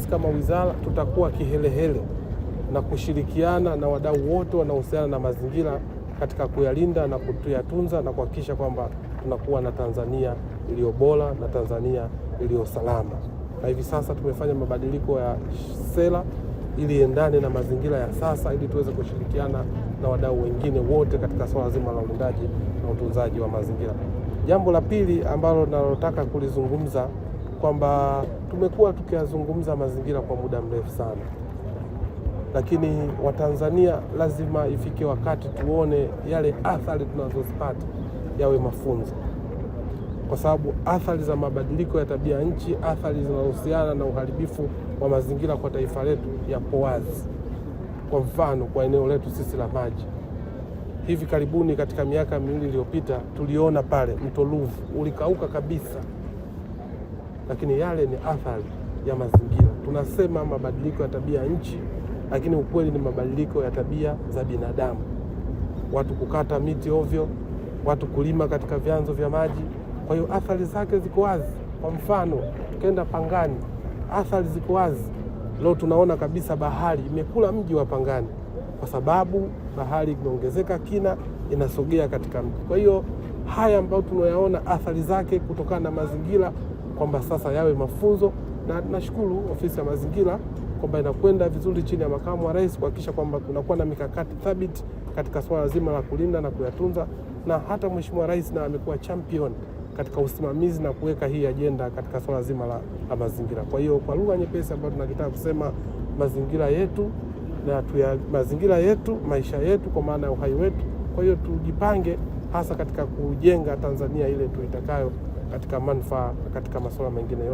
sisi kama wizara tutakuwa kihelehele na kushirikiana na wadau wote wanaohusiana na mazingira katika kuyalinda na kutuyatunza na kuhakikisha kwamba tunakuwa na Tanzania iliyo bora na Tanzania iliyo salama. Na hivi sasa tumefanya mabadiliko ya sera ili endane na mazingira ya sasa ili tuweze kushirikiana na wadau wengine wote katika swala zima la ulindaji na utunzaji wa mazingira. Jambo la pili ambalo nalotaka kulizungumza kwamba tumekuwa tukiyazungumza mazingira kwa muda mrefu sana, lakini Watanzania lazima ifike wakati tuone yale athari tunazozipata yawe mafunzo, kwa sababu athari za mabadiliko ya tabia nchi, athari zinazohusiana na uharibifu wa mazingira kwa taifa letu yapo wazi. Kwa mfano, kwa eneo letu sisi la maji, hivi karibuni, katika miaka miwili iliyopita, tuliona pale mto Ruvu ulikauka kabisa lakini yale ni athari ya mazingira. Tunasema mabadiliko ya tabia ya nchi, lakini ukweli ni mabadiliko ya tabia za binadamu, watu kukata miti ovyo, watu kulima katika vyanzo vya maji. Kwa hiyo athari zake ziko wazi. Kwa mfano, tukaenda Pangani, athari ziko wazi. Leo tunaona kabisa bahari imekula mji wa Pangani kwa sababu bahari imeongezeka kina, inasogea katika mji. Kwa hiyo haya ambayo tunayaona athari zake kutokana na mazingira kwamba sasa yawe mafunzo, na nashukuru ofisi ya mazingira kwamba inakwenda vizuri chini ya makamu wa rais kuhakikisha kwamba tunakuwa na mikakati thabiti katika swala zima la kulinda na kuyatunza, na hata mheshimiwa rais na amekuwa champion katika usimamizi na kuweka hii ajenda katika swala zima la, la mazingira. Kwa hiyo kwa lugha nyepesi ambayo tunakitaka kusema mazingira yetu na tuya, mazingira yetu maisha yetu kwa maana ya uhai wetu. Kwa hiyo tujipange hasa katika kujenga Tanzania ile tuitakayo katika manufaa katika masuala mengine.